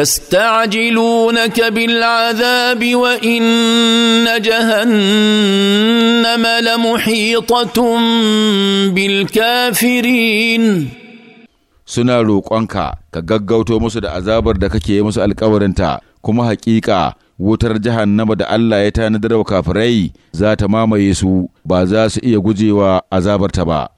يستعجلونك بالعذاب وان جهنم لمحيطه بالكافرين suna roƙonka ka gaggauto musu da azabar da kake yi musu alkawarinta kuma haƙiƙa wutar jahannama da Allah ya tanadar wa kafirai za ta mamaye su ba za su iya gujewa azabarta ba